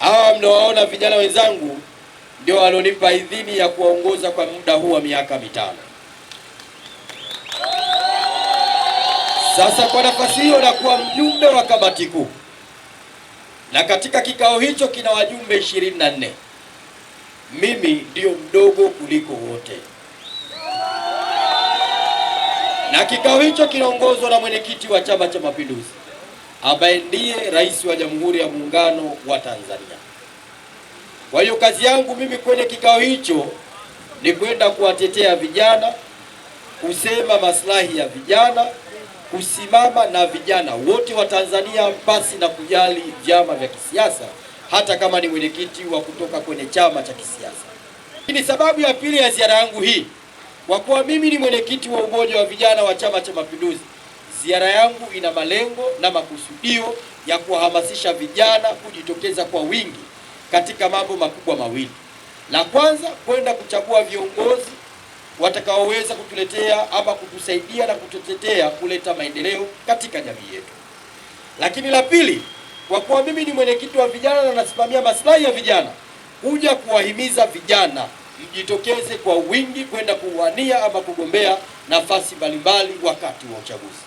Hawa mnawaona vijana wenzangu ndio walionipa idhini ya kuwaongoza kwa muda huu wa miaka mitano. Sasa kwa nafasi hiyo na kuwa mjumbe wa kamati kuu, na katika kikao hicho kina wajumbe ishirini na nne. Mimi ndio mdogo kuliko wote, na kikao hicho kinaongozwa na mwenyekiti wa Chama cha Mapinduzi ambaye ndiye rais wa Jamhuri ya Muungano wa Tanzania. Kwa hiyo kazi yangu mimi kwenye kikao hicho ni kwenda kuwatetea vijana, kusema maslahi ya vijana, kusimama na vijana wote wa Tanzania pasi na kujali vyama vya kisiasa, hata kama ni mwenyekiti wa kutoka kwenye chama cha kisiasa. Ni sababu ya pili ya ziara yangu hii, kwa kuwa mimi ni mwenyekiti wa umoja wa vijana wa Chama cha Mapinduzi. Ziara yangu ina malengo na makusudio ya kuwahamasisha vijana kujitokeza kwa wingi katika mambo makubwa mawili. La kwanza, kwenda kuchagua viongozi watakaoweza kutuletea ama kutusaidia na kututetea kuleta maendeleo katika jamii yetu. Lakini la pili, kwa kuwa mimi ni mwenyekiti wa vijana na nasimamia maslahi ya vijana, kuja kuwahimiza vijana mjitokeze kwa wingi kwenda kuwania ama kugombea nafasi mbalimbali wakati wa uchaguzi.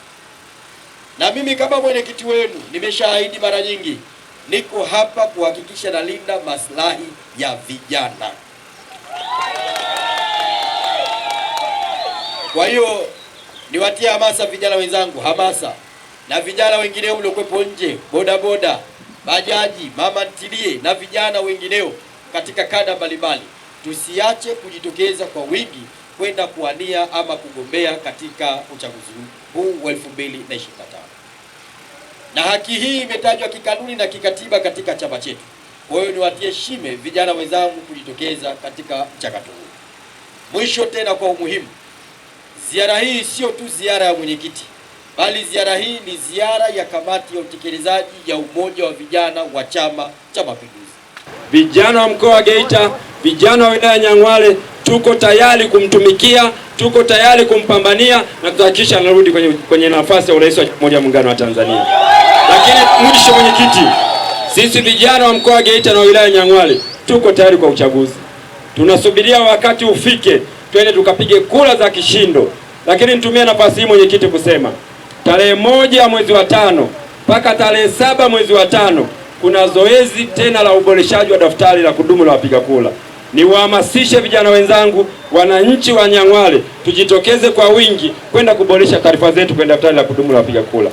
Na mimi kama mwenyekiti wenu nimeshaahidi mara nyingi, niko hapa kuhakikisha nalinda maslahi ya vijana. Kwa hiyo niwatie hamasa vijana wenzangu, hamasa na vijana wengineo mliokuwepo nje, bodaboda, bajaji, mama ntilie na vijana wengineo katika kada mbalimbali, tusiache kujitokeza kwa wingi kwenda kuania ama kugombea katika uchaguzi huu wa 2025 na haki hii imetajwa kikanuni na kikatiba katika chama chetu. Kwa hiyo niwaheshime vijana wenzangu kujitokeza katika mchakato huu. Mwisho tena kwa umuhimu, ziara hii sio tu ziara ya mwenyekiti, bali ziara hii ni ziara ya kamati ya utekelezaji ya Umoja wa Vijana wa Chama cha Mapinduzi. Vijana wa mkoa wa Geita, vijana wa wilaya nyangwale tuko tayari kumtumikia, tuko tayari kumpambania na kuhakikisha anarudi kwenye, kwenye nafasi ya urais wa Jamhuri ya Muungano wa Tanzania. Mwisho mwenyekiti, sisi vijana wa mkoa wa Geita na wilaya Nyang'hwale tuko tayari kwa uchaguzi, tunasubiria wakati ufike twende tukapige kura za kishindo. Lakini nitumie nafasi hii mwenyekiti kusema tarehe moja mwezi wa tano mpaka tarehe saba mwezi wa tano kuna zoezi tena la uboreshaji wa daftari la kudumu la wapiga kura. Niwahamasishe vijana wenzangu, wananchi wa Nyang'hwale, tujitokeze kwa wingi kwenda kuboresha taarifa zetu kwenye daftari la kudumu la wapiga kura.